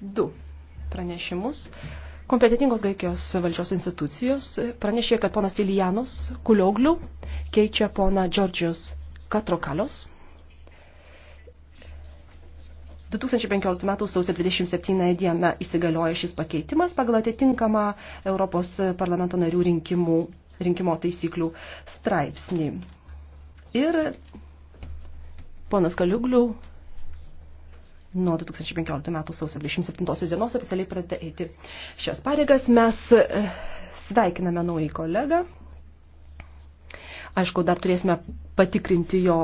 du pranešimus. Kompetitingos Graikijos valdžios institucijos pranešė, kad ponas Ilijanos Kulioglių keičia poną Džordžios Katrokalios. 2015 m. sausio 27 dieną įsigalioja šis pakeitimas pagal atitinkamą Europos parlamento narių rinkimų, rinkimo taisyklių straipsnį. Ir ponas Kaliuglių nuo 2015 metų sausio 27 dienos oficialiai pradeda eiti šias pareigas. Mes eh, sveikiname naują kolegą. Aišku, dar turėsime patikrinti jo